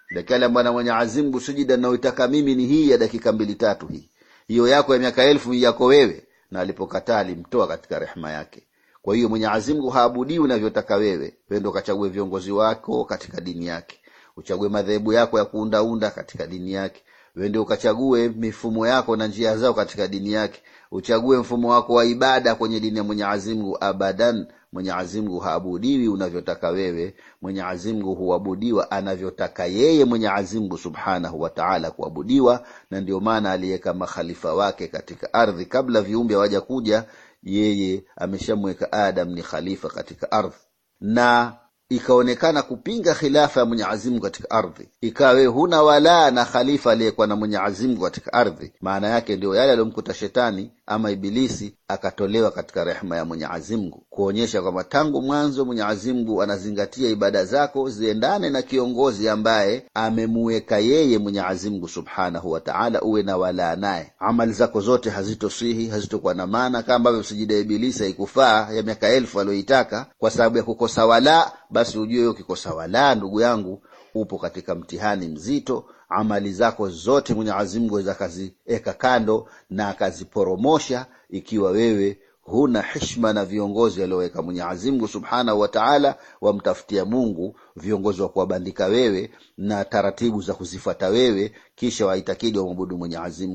Lakini aliambia Mwenyezi Mungu, sijida naoitaka mimi ni hii ya dakika mbili tatu, hii hiyo yako ya miaka elfu yako wewe. Na alipokataa alimtoa katika rehema yake. Kwa hiyo Mwenyezi Mungu haabudii unavyotaka wewe. Wewe ndio kachague viongozi wako katika dini yake, uchague madhehebu yako ya kuundaunda katika dini yake. Wewe ndio ukachague mifumo yako na njia zao katika dini yake, uchague mfumo wako wa ibada kwenye dini ya Mwenyezi Mungu. Abadan, Mwenyezi Mungu haabudiwi unavyotaka wewe. Mwenyezi Mungu huabudiwa anavyotaka yeye Mwenyezi Mungu subhanahu wa taala kuabudiwa, na ndio maana aliweka makhalifa wake katika ardhi kabla viumbe hawaja kuja yeye ameshamweka Adam ni khalifa katika ardhi, na ikaonekana kupinga khilafa ya Mwenyezi Mungu katika ardhi, ikawe huna walaa na khalifa aliyekuwa na Mwenyezi Mungu katika ardhi, maana yake ndio yale aliyomkuta shetani ama Ibilisi akatolewa katika rehema ya Mwenyezi Mungu, kuonyesha kwamba tangu mwanzo Mwenyezi Mungu anazingatia ibada zako ziendane na kiongozi ambaye amemuweka yeye Mwenyezi Mungu subhanahu wa taala, uwe na walaa naye. Amali zako zote hazitosihi, hazitokuwa na maana, kama ambavyo sijida ya Ibilisi haikufaa ya miaka elfu aliyoitaka kwa sababu ya kukosa walaa. Basi ujue ukikosa walaa, ndugu yangu upo katika mtihani mzito. Amali zako zote Mwenyezi aweza akaziweka kando na akaziporomosha, ikiwa wewe huna hishma na viongozi walioweka Mwenyezi subhanahu wataala Wamtafutia Mungu viongozi wa kuwabandika wewe na taratibu za kuzifata wewe, kisha waitakidi wamwabudu Mwenyezi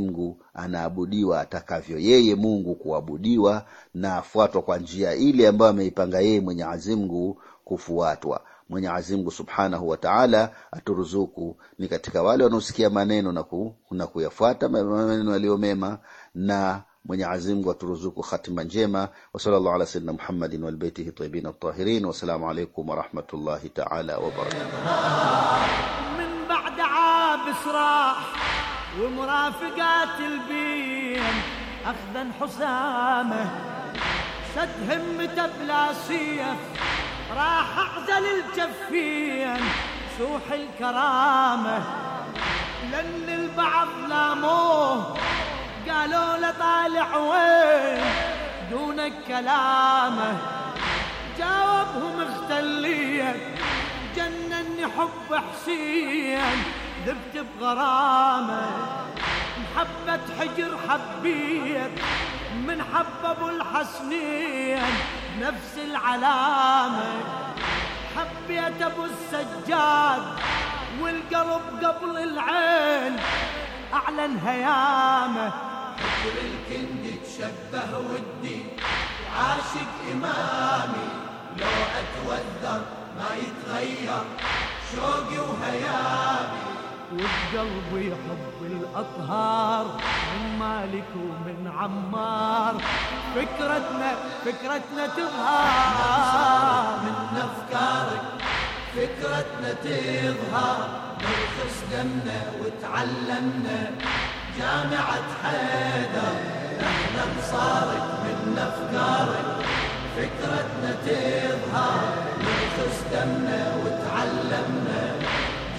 Mungu. anaabudiwa atakavyo yeye Mungu kuabudiwa, na afuatwa kwa njia ile ambayo ameipanga yeye mwenyeazimgu kufuatwa. Mwenyezi Mungu Subhanahu wa Ta'ala aturuzuku ni katika wale wanaosikia maneno na, ku, na kuyafuata maneno yaliyo mema na Mwenyezi Mungu aturuzuku khatima njema wa sallallahu ala sayyidina Muhammadin wal baitihi tayyibin at-tahirin wa alaykum wa rahmatullahi ta'ala wa barakatuh min ba'da abisrah wa murafiqat al-bin akhdan husama sad himmata bla siyaf راح أعزل الجفين سوح الكرامة لأن البعض لاموه قالوا له طالع وين دونك كلامه جاوبهم اختليا جنني حب حسين ذبت بغرامه حبة حجر حبيت من حب ابو الحسنين نفس العلامة حبيت ابو السجاد والقلب قبل العين اعلن هيامه حجر الكندي تشبه ودي عاشق امامي لو اتوذر ما يتغير شوقي وهيامي والقلب يحب الأطهار من مالك ومن عمار فكرتنا فكرتنا تظهر من أفكارك فكرتنا تظهر نرخص دمنا وتعلمنا جامعة حيدر احنا انصارك من أفكارك فكرتنا تظهر نرخص دمنا وتعلمنا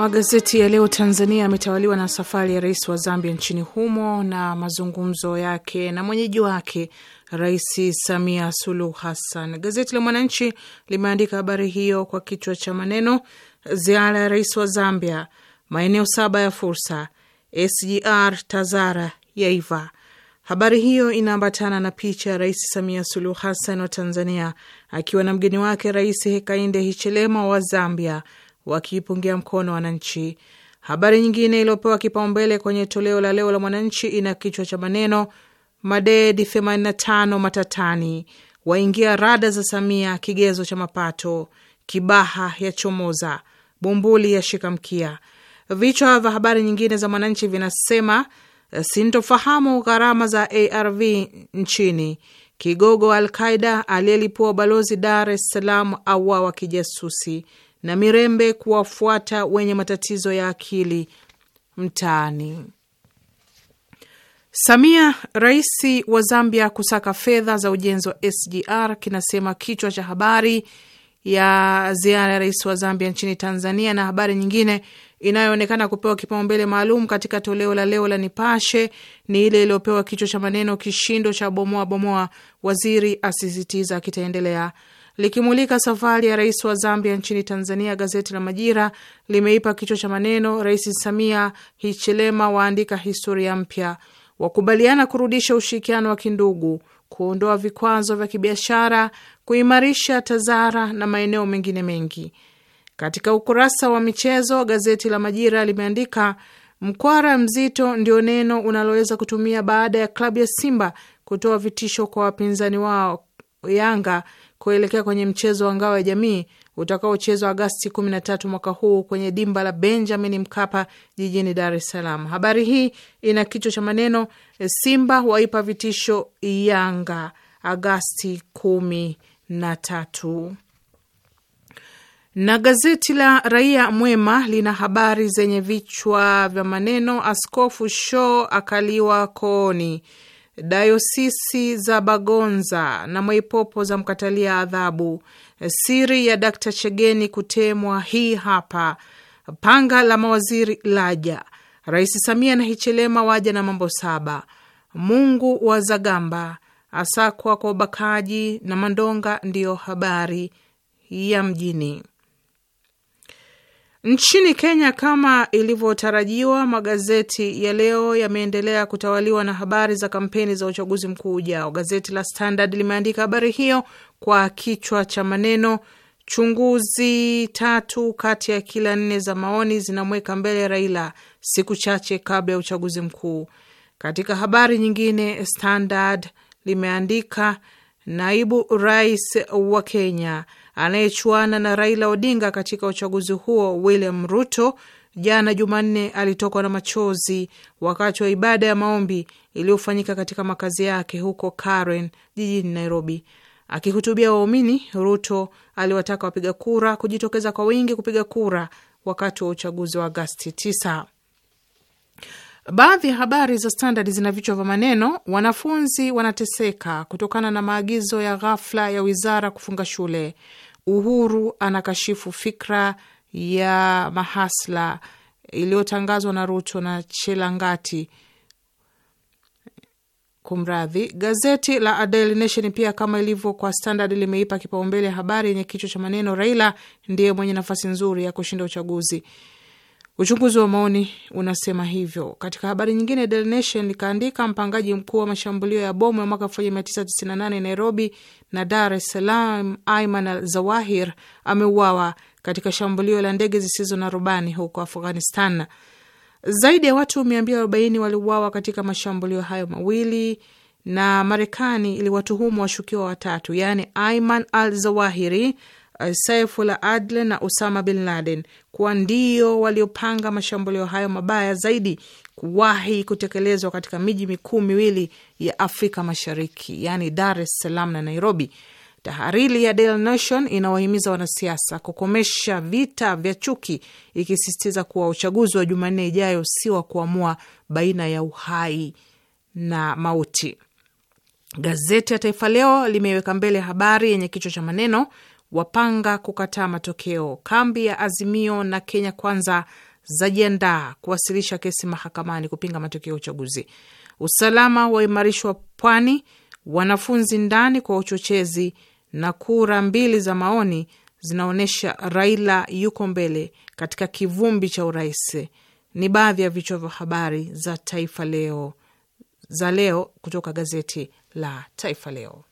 Magazeti ya leo Tanzania yametawaliwa na safari ya rais wa Zambia nchini humo na mazungumzo yake na mwenyeji wake Rais Samia Suluhu Hassan. Gazeti la Mwananchi limeandika habari hiyo kwa kichwa cha maneno, ziara ya rais wa Zambia, maeneo saba ya fursa, SGR Tazara yaiva. Habari hiyo inaambatana na picha ya Rais Samia Suluhu Hassan wa Tanzania akiwa na mgeni wake Rais Hakainde Hichilema wa Zambia wakiipungia mkono wananchi. Habari nyingine iliyopewa kipaumbele kwenye toleo la leo la Mwananchi ina kichwa cha maneno madedi 85 matatani waingia rada za Samia, kigezo cha mapato, Kibaha ya chomoza, Bumbuli ya shikamkia. Vichwa vya habari nyingine za Mwananchi vinasema sintofahamu gharama za ARV nchini, kigogo wa Alqaida aliyelipua balozi Dar es Salaam auawa kijasusi, na Mirembe kuwafuata wenye matatizo ya akili mtaani. Samia, rais wa Zambia, kusaka fedha za ujenzi wa SGR, kinasema kichwa cha habari ya ziara ya rais wa Zambia nchini Tanzania. Na habari nyingine inayoonekana kupewa kipaumbele maalum katika toleo la leo la Nipashe ni ile iliyopewa kichwa cha maneno, kishindo cha bomoa bomoa, waziri asisitiza kitaendelea likimulika safari ya rais wa Zambia nchini Tanzania, gazeti la Majira limeipa kichwa cha maneno, Rais Samia Hichilema waandika historia mpya, wakubaliana kurudisha ushirikiano wa kindugu, kuondoa vikwazo vya kibiashara, kuimarisha TAZARA na maeneo mengine mengi. Katika ukurasa wa michezo, gazeti la Majira limeandika mkwara mzito ndio neno unaloweza kutumia baada ya klabu ya Simba kutoa vitisho kwa wapinzani wao Yanga kuelekea kwenye mchezo wa ngao ya jamii utakaochezwa Agasti 13 mwaka huu kwenye dimba la Benjamin Mkapa jijini Dar es Salaam. Habari hii ina kichwa cha maneno Simba waipa vitisho Yanga Agasti 13 na gazeti la Raia Mwema lina habari zenye vichwa vya maneno, askofu show akaliwa kooni, dayosisi za Bagonza na Mwaipopo za mkatalia adhabu, siri ya Dakta Chegeni kutemwa, hii hapa panga la mawaziri laja, Rais Samia na Hichelema waja na mambo saba, Mungu wa Zagamba asakwa kwa ubakaji na Mandonga, ndiyo habari ya mjini. Nchini Kenya, kama ilivyotarajiwa, magazeti ya leo yameendelea kutawaliwa na habari za kampeni za uchaguzi mkuu ujao. Gazeti la Standard limeandika habari hiyo kwa kichwa cha maneno, chunguzi tatu kati ya kila nne za maoni zinamweka mbele Raila siku chache kabla ya uchaguzi mkuu. Katika habari nyingine, Standard limeandika naibu rais wa Kenya anayechuana na Raila Odinga katika uchaguzi huo, William Ruto, jana Jumanne alitokwa na machozi wakati wa ibada ya maombi iliyofanyika katika makazi yake huko Karen jijini Nairobi. Akihutubia waumini, Ruto aliwataka wapiga kura kujitokeza kwa wingi kupiga kura wakati wa uchaguzi wa Agasti 9. Baadhi ya habari za Standard zina vichwa vya maneno: wanafunzi wanateseka kutokana na maagizo ya ghafla ya wizara kufunga shule, Uhuru anakashifu fikra ya mahasla iliyotangazwa na Ruto na Chelangati. Kumradhi, gazeti la Daily Nation pia kama ilivyo kwa Standard limeipa kipaumbele habari yenye kichwa cha maneno Raila ndiye mwenye nafasi nzuri ya kushinda uchaguzi. Uchunguzi wa maoni unasema hivyo. Katika habari nyingine, The Nation likaandika mpangaji mkuu wa mashambulio ya bomu ya mwaka 1998 Nairobi na Dar es Salaam, Aiman al Zawahir ameuawa katika shambulio la ndege zisizo na rubani huko Afghanistan. Zaidi ya watu 240 waliuawa katika mashambulio hayo mawili, na Marekani iliwatuhumu washukiwa watatu, yaani Aiman al Zawahiri, Saifula Adle na usama bin Laden kuwa ndio waliopanga mashambulio hayo mabaya zaidi kuwahi kutekelezwa katika miji mikuu miwili ya Afrika Mashariki, yaani Dar es Salaam na Nairobi. Tahariri ya Daily Nation inawahimiza wanasiasa kukomesha vita vya chuki, ikisisitiza kuwa uchaguzi wa Jumanne ijayo si wa kuamua baina ya uhai na mauti. Gazeti ya Taifa Leo limeiweka mbele habari yenye kichwa cha maneno wapanga kukataa matokeo. Kambi ya Azimio na Kenya Kwanza zajiandaa kuwasilisha kesi mahakamani kupinga matokeo ya uchaguzi. Usalama waimarishwa pwani, wanafunzi ndani kwa uchochezi, na kura mbili za maoni zinaonyesha Raila yuko mbele katika kivumbi cha urais. Ni baadhi ya vichwa vya habari za Taifa Leo za leo kutoka gazeti la Taifa Leo.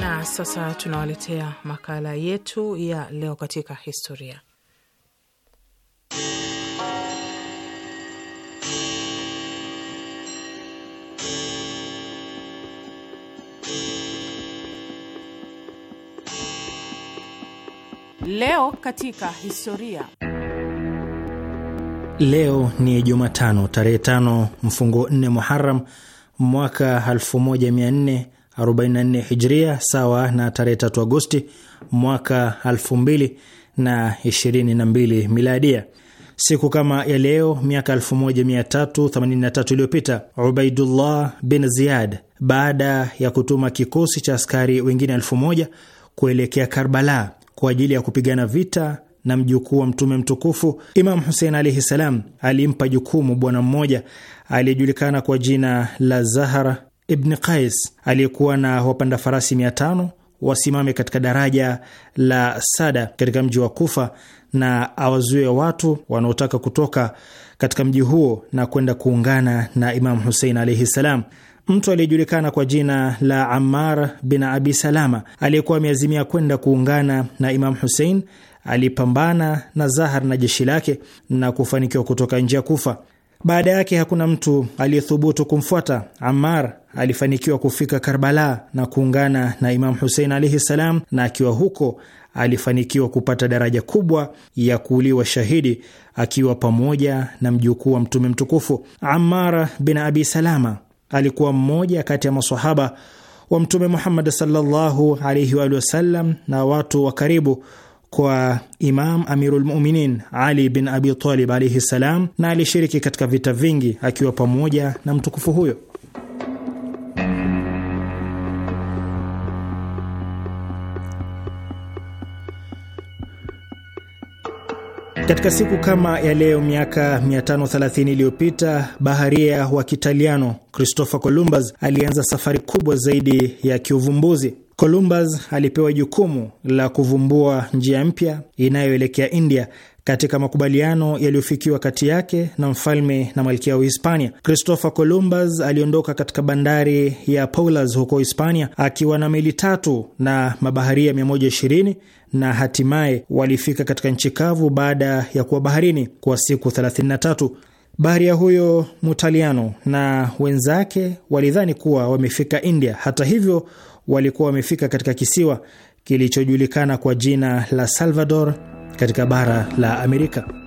Na sasa tunawaletea makala yetu ya leo katika historia. Leo katika historia. Leo ni Jumatano tarehe tano mfungo 4 Muharam mwaka 1444 Hijria, sawa na tarehe 3 Agosti mwaka 2022 Miladia. Siku kama ya leo miaka 1383 iliyopita Ubaidullah bin Ziyad, baada ya kutuma kikosi cha askari wengine elfu moja kuelekea Karbala kwa ajili ya kupigana vita na mjukuu wa mtume mtukufu Imam Husein alaihi salam alimpa jukumu bwana mmoja aliyejulikana kwa jina la Zahara Ibni Qais aliyekuwa na wapanda farasi mia tano wasimame katika daraja la Sada katika mji wa Kufa na awazuie watu wanaotaka kutoka katika mji huo na kwenda kuungana na Imam Husein alaihi salam mtu aliyejulikana kwa jina la Ammar bin Abi Salama aliyekuwa ameazimia kwenda kuungana na Imam husein alipambana na Zahar na jeshi lake na kufanikiwa kutoka nje ya Kufa. Baada yake hakuna mtu aliyethubutu kumfuata. Ammar alifanikiwa kufika Karbala na kuungana na Imam Hussein alaihi ssalam na akiwa huko alifanikiwa kupata daraja kubwa ya kuuliwa shahidi akiwa pamoja na mjukuu wa Mtume mtukufu. Ammar bin Abi Salama alikuwa mmoja kati ya masahaba wa Mtume Muhammad sallallahu alaihi wa sallam na watu wa karibu kwa Imam Amirul Muminin Ali bin Abi Talib alaihi salam, na alishiriki katika vita vingi akiwa pamoja na mtukufu huyo. Katika siku kama ya leo miaka 530 iliyopita baharia wa Kitaliano Christopher Columbus alianza safari kubwa zaidi ya kiuvumbuzi. Columbus alipewa jukumu la kuvumbua njia mpya inayoelekea India katika makubaliano yaliyofikiwa kati yake na mfalme na malkia wa Hispania. Christopher Columbus aliondoka katika bandari ya Palos huko Hispania akiwa na meli tatu na mabaharia 120 na hatimaye walifika katika nchi kavu baada ya kuwa baharini kwa siku 33. Baharia huyo Mutaliano na wenzake walidhani kuwa wamefika India. Hata hivyo, walikuwa wamefika katika kisiwa kilichojulikana kwa jina la Salvador katika bara la Amerika.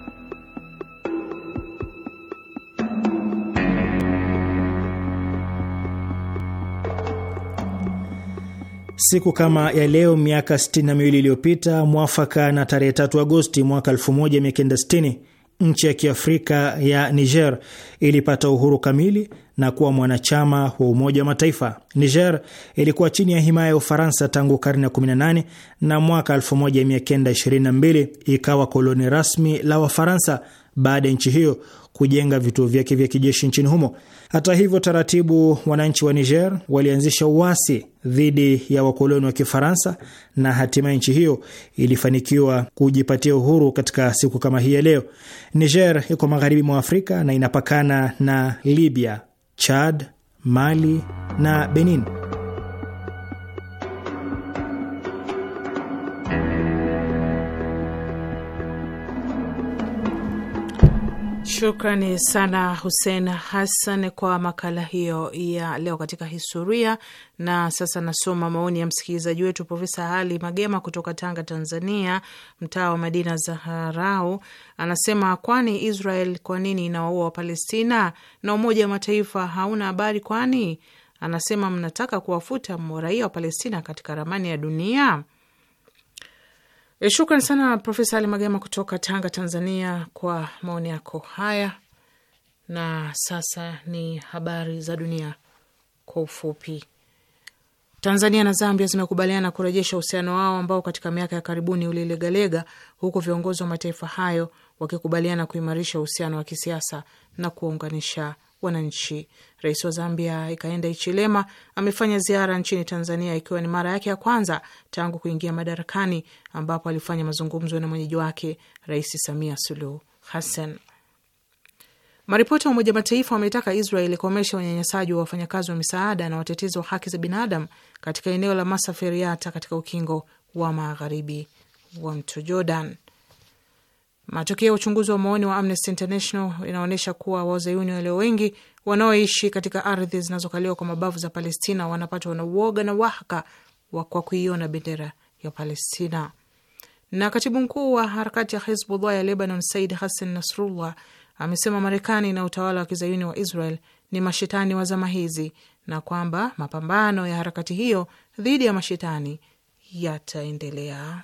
Siku kama ya leo miaka 62 iliyopita, mwafaka na tarehe 3 Agosti mwaka 1960, nchi ya Kiafrika ya Niger ilipata uhuru kamili na kuwa mwanachama wa Umoja wa Mataifa. Niger ilikuwa chini ya himaya ya Ufaransa tangu karne ya 18 na mwaka 1922 ikawa koloni rasmi la Wafaransa baada ya nchi hiyo kujenga vituo vyake vya kijeshi nchini humo. Hata hivyo, taratibu, wananchi wa Niger walianzisha uasi dhidi ya wakoloni wa Kifaransa na hatimaye nchi hiyo ilifanikiwa kujipatia uhuru katika siku kama hii ya leo. Niger iko magharibi mwa Afrika na inapakana na Libya, Chad, Mali na Benin. Shukrani sana Hussein Hassan kwa makala hiyo ya leo katika historia. Na sasa nasoma maoni ya msikilizaji wetu Profesa Ali Magema kutoka Tanga, Tanzania, mtaa wa Madina Zaharau. Anasema, kwani Israel kwa nini inawaua Wapalestina na Umoja wa Mataifa hauna habari? Kwani anasema mnataka kuwafuta raia wa Palestina katika ramani ya dunia. Eh, shukran sana Profesa Ali Magema kutoka Tanga, Tanzania, kwa maoni yako haya. Na sasa ni habari za dunia kwa ufupi. Tanzania na Zambia zimekubaliana kurejesha uhusiano wao ambao katika miaka ya karibuni ulilegalega, huku viongozi wa mataifa hayo wakikubaliana kuimarisha uhusiano wa kisiasa na kuunganisha wananchi. Rais wa Zambia ikaenda Ichilema amefanya ziara nchini Tanzania ikiwa ni mara yake ya kwanza tangu kuingia madarakani, ambapo alifanya mazungumzo na mwenyeji wake Rais Samia Suluhu Hassan. Maripoti wa Umoja Mataifa wametaka Israel ikomesha unyanyasaji wa wafanyakazi wa misaada na watetezi wa haki za binadamu katika eneo la Masaferiata katika ukingo wa magharibi wa mto Jordan. Matokeo ya uchunguzi wa maoni wa Amnesty International inaonyesha kuwa wazayuni walio wengi wanaoishi katika ardhi zinazokaliwa kwa mabavu za Palestina wanapatwa na uoga na wahaka kwa kuiona bendera ya Palestina. Na katibu mkuu wa harakati ya Hizbullah ya Lebanon, Said Hassan Nasrullah, amesema Marekani na utawala wa kizayuni wa Israel ni mashetani wa zama hizi na kwamba mapambano ya harakati hiyo dhidi ya mashetani yataendelea.